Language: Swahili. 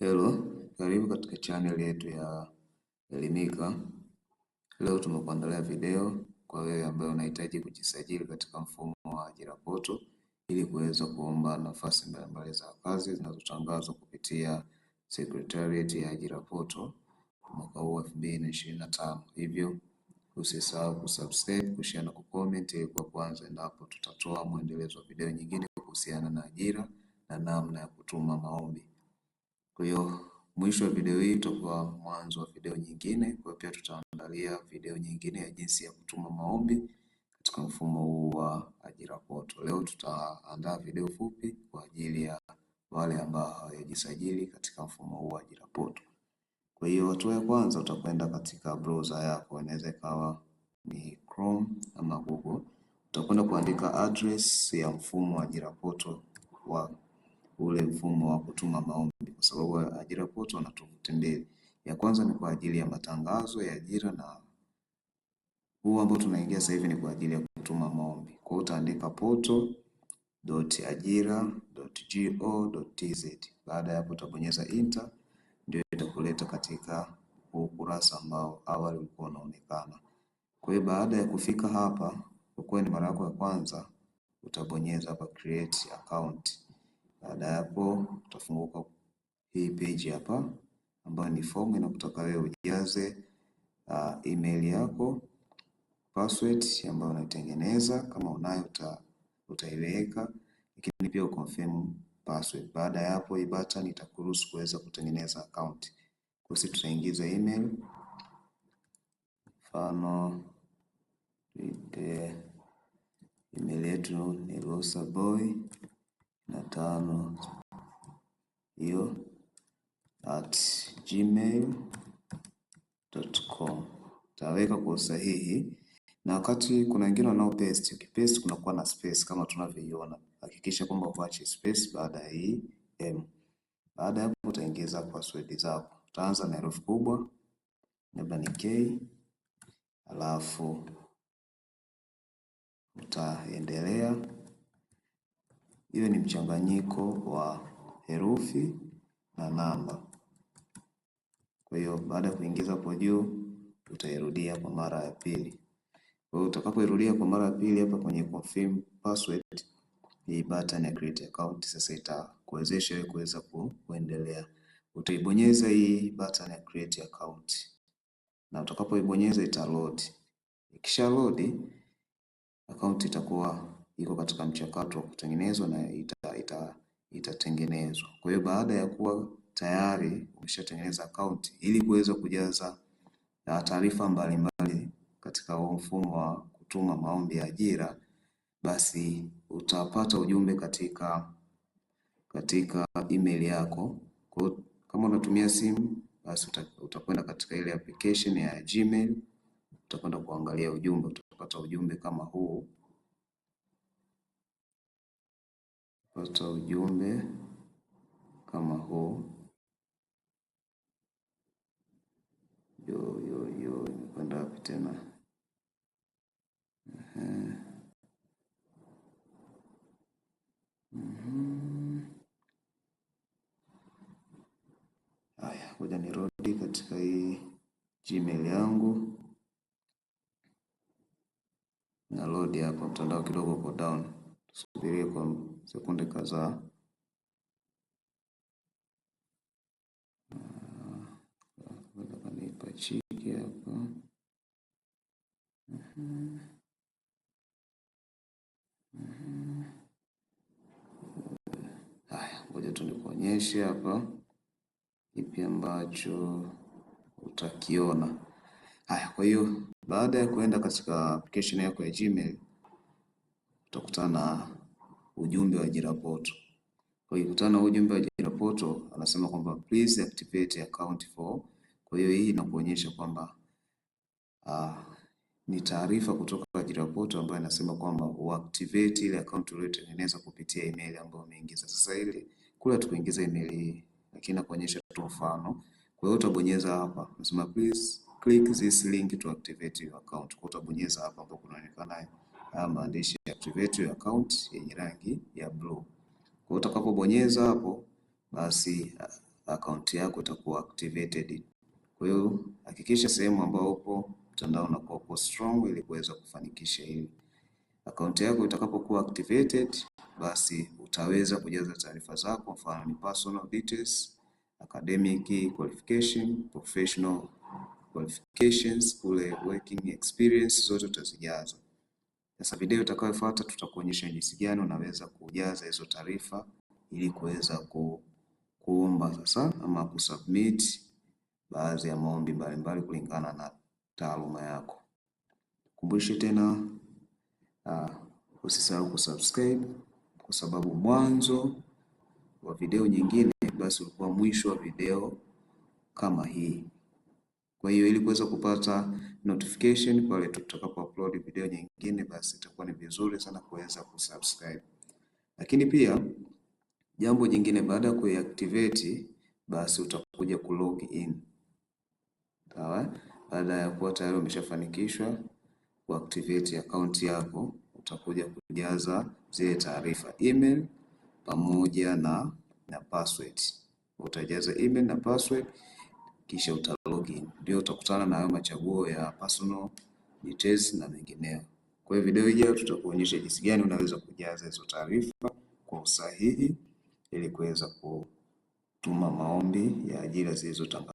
Hello, karibu katika channel yetu ya Elimika. Leo tumekuandalia video kwa wewe ambaye unahitaji kujisajili katika mfumo wa ajira poto ili kuweza kuomba nafasi mbalimbali za kazi zinazotangazwa kupitia Secretariat ya ajira poto mwaka huu 2025. Hivyo usisahau kusubscribe, kushare na kucomment ili kwa kwanza endapo tutatoa mwendelezo wa video nyingine kuhusiana na ajira na namna ya kutuma maombi. Kwa hiyo mwisho wa video hii itakuwa mwanzo wa video nyingine. Kwa hiyo pia tutaangalia video nyingine ya jinsi ya kutuma maombi katika mfumo huu wa Ajira Portal. Leo tutaandaa video fupi kwa ajili ya wale ambao hawajisajili katika mfumo huu wa Ajira Portal. Kwa hiyo hatua ya kwanza utakwenda katika browser yako, inaweza ikawa ni Chrome ama Google. Utakwenda kuandika address ya mfumo wa Ajira Portal wa ule mfumo wa kutuma maombi, kwa sababu ajira portal na tovuti mbili. Ya kwanza ni kwa ajili ya matangazo ya ajira na huu ambao tunaingia sasa hivi ni kwa ajili ya kutuma maombi. Kwa hiyo utaandika portal.ajira.go.tz. Baada ya hapo utabonyeza enter, ndio itakuleta katika ukurasa ambao awali ulikuwa unaonekana. Kwa hiyo baada ya kufika hapa, kwa kuwa ni mara yako ya kwanza, utabonyeza hapa create account. Baada ya hapo utafunguka hii page hapa ambayo ni fomu inakutaka wewe ujaze uh, email yako password ambayo unaitengeneza kama unayo uta, utaiweka lakini pia uconfirm password. Baada ya hapo hii button itakuruhusu kuweza kutengeneza account. Kwa sisi tutaingiza email mfano email yetu ni rosaboy na tano hiyo at gmail.com taweka kwa usahihi na wakati kuna wengine paste, ukipaste kunakuwa na space kama tunavyoiona. Hakikisha kwamba uache space baada ya hii m. Baada ya hapo, utaingiza password zako. Utaanza na herufi kubwa, labda ni K, alafu utaendelea hiyo ni mchanganyiko wa herufi na namba. Kwa hiyo baada ya kuingiza hapo juu, utairudia kwa mara ya pili. Kwa hiyo utakapoirudia kwa mara ya pili, hapa kwenye confirm password, hii button ya create account sasa itakuwezesha wewe kuweza kuendelea. Utaibonyeza hii button ya create account na utakapoibonyeza ita load. Ikisha load account itakuwa iko katika mchakato wa kutengenezwa na ita, ita, itatengenezwa. Kwa hiyo baada ya kuwa tayari umeshatengeneza account ili kuweza kujaza taarifa mbalimbali katika mfumo wa kutuma maombi ya ajira, basi utapata ujumbe katika katika email yako. Kwa kama unatumia simu, basi utakwenda katika ile application ya Gmail, utakwenda kuangalia ujumbe, utapata ujumbe kama huu. kupata ujumbe kama huu. Yo, yo, yo, imekwenda wapi tena? Mhm. Haya, ngoja nirudi katika hii Gmail yangu na load hapa, mtandao kidogo uko down, tusubirie kwa sekunde kadhaa chiki hapa haya, ngoja tu nikuonyeshe hapa kipi ambacho utakiona. Haya, kwa hiyo baada ya kuenda katika application yako ya Gmail utakutana ujumbe wa ajira portal. Kwa hiyo kutana ujumbe wa ajira portal, anasema kwamba please activate account for. Kwa hiyo hii inakuonyesha kwamba uh, ni taarifa kutoka ajira portal ambayo inasema kwamba uactivate ile account uliyotengeneza kupitia email ambayo umeingiza. Sasa ile kule tukuingiza email hii, lakini inakuonyesha tu mfano. Kwa hiyo utabonyeza hapa, nasema please click this link to activate your account. Kwa utabonyeza hapa ambapo kunaonekana maandishi ya private account yenye rangi ya blue. Kwa utakapobonyeza hapo, basi uh, account yako itakuwa activated. Kwa hiyo hakikisha sehemu ambayo upo mtandao unakuwa uko strong ili kuweza kufanikisha hili. Akaunti yako itakapokuwa activated, basi utaweza kujaza taarifa zako, mfano ni personal details, academic qualification, professional qualifications, kule working experience, zote utazijaza. Sasa video itakayofuata tutakuonyesha jinsi gani unaweza kujaza hizo taarifa ili kuweza ku, kuomba sasa ama kusubmit baadhi ya maombi mbalimbali kulingana na taaluma yako. Kumbushe tena uh, usisahau kusubscribe kwa sababu mwanzo wa video nyingine basi ulikuwa mwisho wa video kama hii. Kwa hiyo ili kuweza kupata notification pale tutakapo upload video nyingine, basi itakuwa ni vizuri sana kuweza kusubscribe. Lakini pia jambo jingine, baada ya kuiactivate, basi utakuja ku log in. Sawa, baada ya kuwa tayari umeshafanikishwa kuactivate account yako, utakuja kujaza zile taarifa email pamoja na, na password. Utajaza email na password kisha uta login. Ndio utakutana na hayo machaguo ya personal details na mengineo Kwa hiyo video ijayo tutakuonyesha jinsi gani unaweza kujaza hizo taarifa kwa usahihi ili kuweza kutuma maombi ya ajira zilizotangazwa.